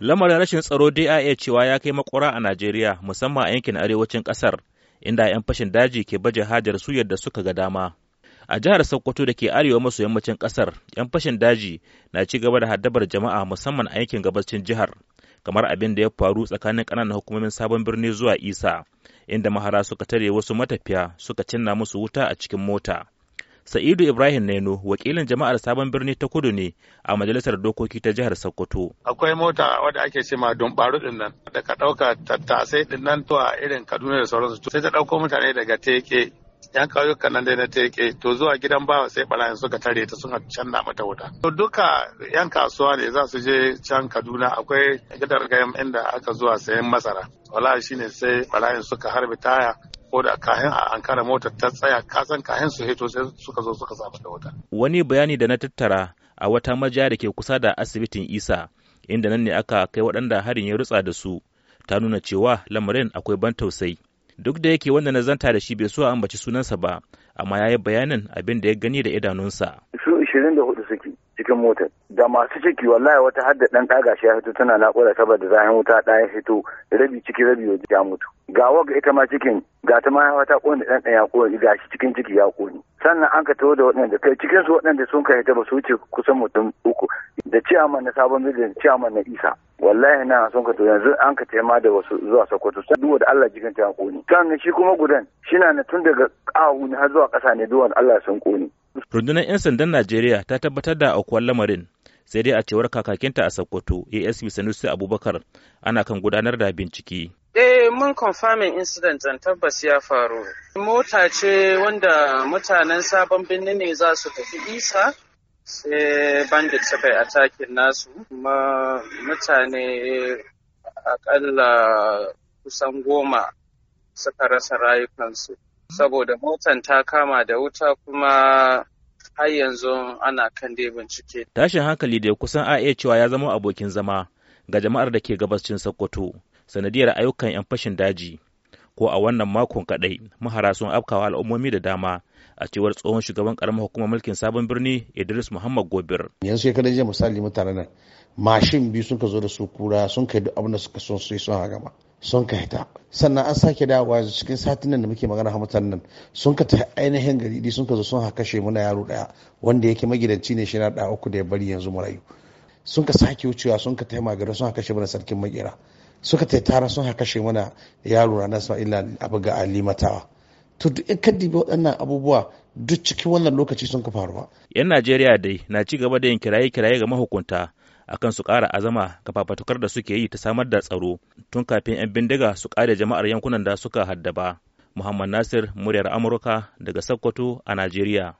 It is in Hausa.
Lamarin rashin tsaro dai a cewa ya kai makura a Najeriya musamman a yankin arewacin Kasar inda 'yan fashin daji ke baje hajar su yadda suka ga dama. A jihar Sokoto da ke arewa maso yammacin ƙasar 'yan fashin daji na ci gaba da haddabar jama'a musamman a yankin gabacin jihar kamar abin da ya faru tsakanin ƙananan hukumomin sabon birni zuwa isa inda mahara suka tare wasu matafiya suka cinna musu wuta a cikin mota. Sa'idu Ibrahim Neno wakilin jama'ar Sabon Birni ta Kudu ne a Majalisar Dokoki ta Jihar Sokoto. Akwai mota wadda ake ce ma Dumbaru din nan da ka dauka tattasai din nan to a irin Kaduna da sauransu sai ta ɗauko mutane daga Teke yan kauyukan nan dai na teke to zuwa gidan bawa sai barayin suka tare ta suna can na mata wuta to duka yan kasuwa ne za su je can kaduna akwai gidan gayan inda aka zuwa sayan masara wala shine sai barayin suka harbi taya ko da kahin a ankara motar ta tsaya kasan kayan su heto sai suka zo suka samu da wata. Wani bayani da na tattara a wata majiya da ke kusa da asibitin Isa inda nan ne aka kai waɗanda harin ya rutsa da su ta nuna cewa lamarin akwai ban tausayi. Duk da yake wanda na zanta da shi bai so a ambaci sunansa ba amma ya yi bayanin abin da ya gani da idanunsa. ishirin da hudu suke cikin motar da masu ciki wallahi wata hadda ɗan ɗaga shi ya fito tana nakura saboda zahin wuta ɗaya fito rabi ciki rabi waje ya mutu ga waga ita ma cikin ga ta ma wata kone ɗan ɗan ya ƙone ga shi cikin ciki ya ƙone sannan an ka taho da waɗanda kai cikin su waɗanda sun kai ta ba su wuce kusan mutum uku da ciyaman na sabon mijin ciyaman na isa wallahi na son ka to yanzu an ka tema da wasu zuwa Sokoto sai duwa da Allah jikin ta kone kan shi kuma gudan shi na tun daga kawu ne har zuwa kasa ne duwan Allah sun kone rundunar 'yan sandan najeriya ta tabbatar da aukuwar lamarin sai dai a cewar kakakinta a sokoto asp sanusi abubakar ana kan gudanar da bincike eh mun confirming incident tabbas ya faru mota ce wanda mutanen sabon birni ne za su tafi isa sai bandit suka yi atakin nasu kuma mutane akalla kusan goma suka rasa rayukansu saboda motan ta kama da wuta kuma har yanzu ana kan dai bincike. Tashin hankali da kusan a iya cewa ya zama abokin zama ga jama'ar da ke gabas cin Sokoto sanadiyar ayyukan 'yan fashin daji ko a wannan makon kadai mahara sun afkawa al'ummomi da dama a cewar tsohon shugaban karamar hukumar mulkin sabon birni Idris Muhammad Gobir. Yanzu ya kada misali mutanen nan mashin biyu suka zo da su kura sun kai duk abin da suka son su yi sun gama. sun ka hita sannan an sake dawowa cikin satin nan da muke magana hamatan nan sun ka ta ainihin gari sun ka zo sun haka kashe muna yaro daya wanda yake magidanci ne shi na da uku da ya bari yanzu rayu sun ka sake wucewa sun ka taima gari sun haka kashe mana sarkin makera suka ta tara sun haka kashe mana yaro na illa abu ga alimatawa to duk in ka dibi waɗannan abubuwa duk cikin wannan lokaci sun ka faruwa yan Najeriya dai na ci gaba da yin kiraye-kiraye ga mahukunta akan su kara azama ga fafatukar da suke yi ta samar da tsaro tun kafin 'yan bindiga su kare jama'ar yankunan da suka haddaba. Muhammad Nasir, muryar Amurka daga Sokoto a Najeriya.